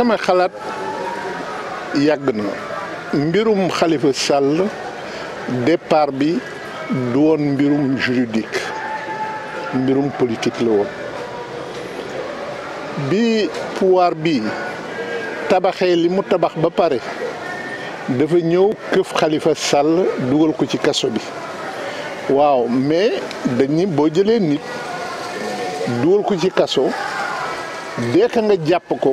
sama xalaat yàgg na mbirum xalifa Sall départ bi du woon mbirum juridique mbirum politik la woon bi pouvoir bi tabaxee li mu tabax ba pare dafa ñëw këf xalifa Sall dugal ko ci kaso bi waaw mais dañu boo jëlee nit dugal ko ci kaso dee ka nga jàpp ko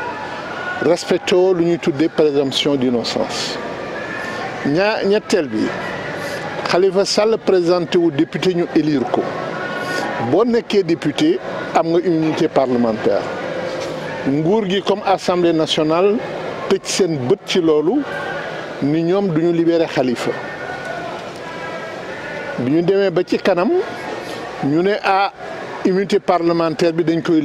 Respectons lu ñuy présomptions présomption d'innocence ñaa ñetteel bi Khalifa Sall présenté wu député ñu élire ko boo nekkee député am une immunité parlementaire Nous gi comme assemblée nationale nous seen bët ci ni ñoom duñu Khalifa bi ñu demee ba ci kanam ñu ne ah, immunité parlementaire bi dañ koy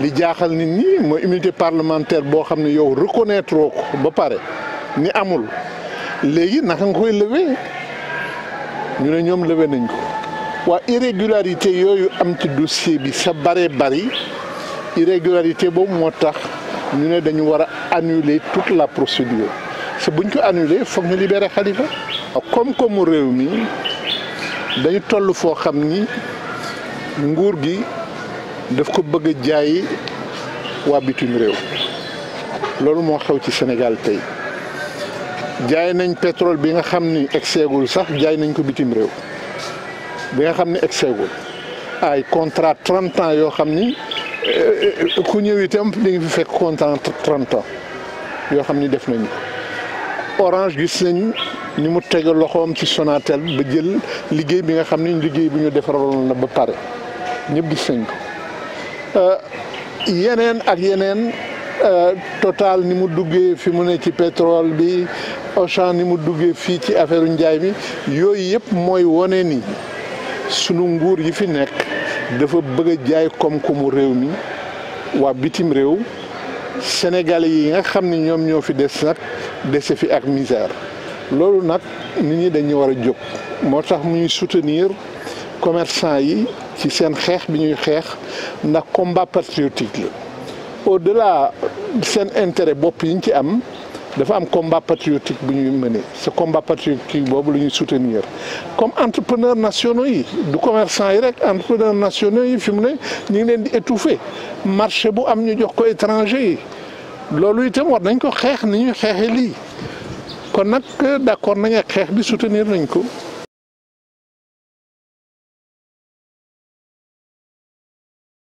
li jaaxal nit ñi mooy immunité parlementaire bo xamné ne yow reconnaître ko ba paré ni amul légui naka nga koy lever ñu ne ñom lever nañ ko wa irrégularité yoyu am ci dossier bi sa bare bari irrégularité bo motax ñu né dañu wara annuler toute la procédure ce buñ ko annuler foog ñu libérer Khalifa comme comme rew mi dañu tollu fo xam ni nguur gi daf ko bëgg jaay wa bitum bitim réew loolu moo xew ci Sénégal tay jaay nañ pétrole bi nga xamni ni sax jaay nañ ko bitum réew bi nga xamni ni ay contrat 30 ans yo xamni eh, ku ñëw itam di nga fi fekk contrat 30 ans yo xamni def nañ orange gis nañ ni mu tege loxoom ci Sonatel ba jël liggéey bi nga xam ni liggéey bi ñu defaroon na ba pare ñëpp gis nañ ko. Euh, yeneen ak yeneen euh, Total ni mu duggee fi mu ne ci pétrole bi Auchan ni mu duggee fii ci affaire njaay mi yooyu yëpp mooy wone ni sunu nguur yi fi nekk dafa bëgg a jaay koom-koomu réew mi waa bitim réew senegale yi nga xam ni ñoom ñoo fi des nag dese fi ak misère loolu nag nit ñi dañuy war a jóg moo tax muy soutenir commerçant yi. ci seen xeex bi ñuy combat patriotique au-delà seen intérêt bopp yi ñu ci am dafa am combat patriotique ce combat patriotique il faut soutenir comme entrepreneur nationaux du commerçant yi rek entrepreneur nationaux yi sont étouffés. Le leen di étouffer marché bu am ñu jox ko étranger yi loolu itam war nañ ko xeex ni ñuy xeexee lii kon d'accord nañ ak bi soutenir nañ ko.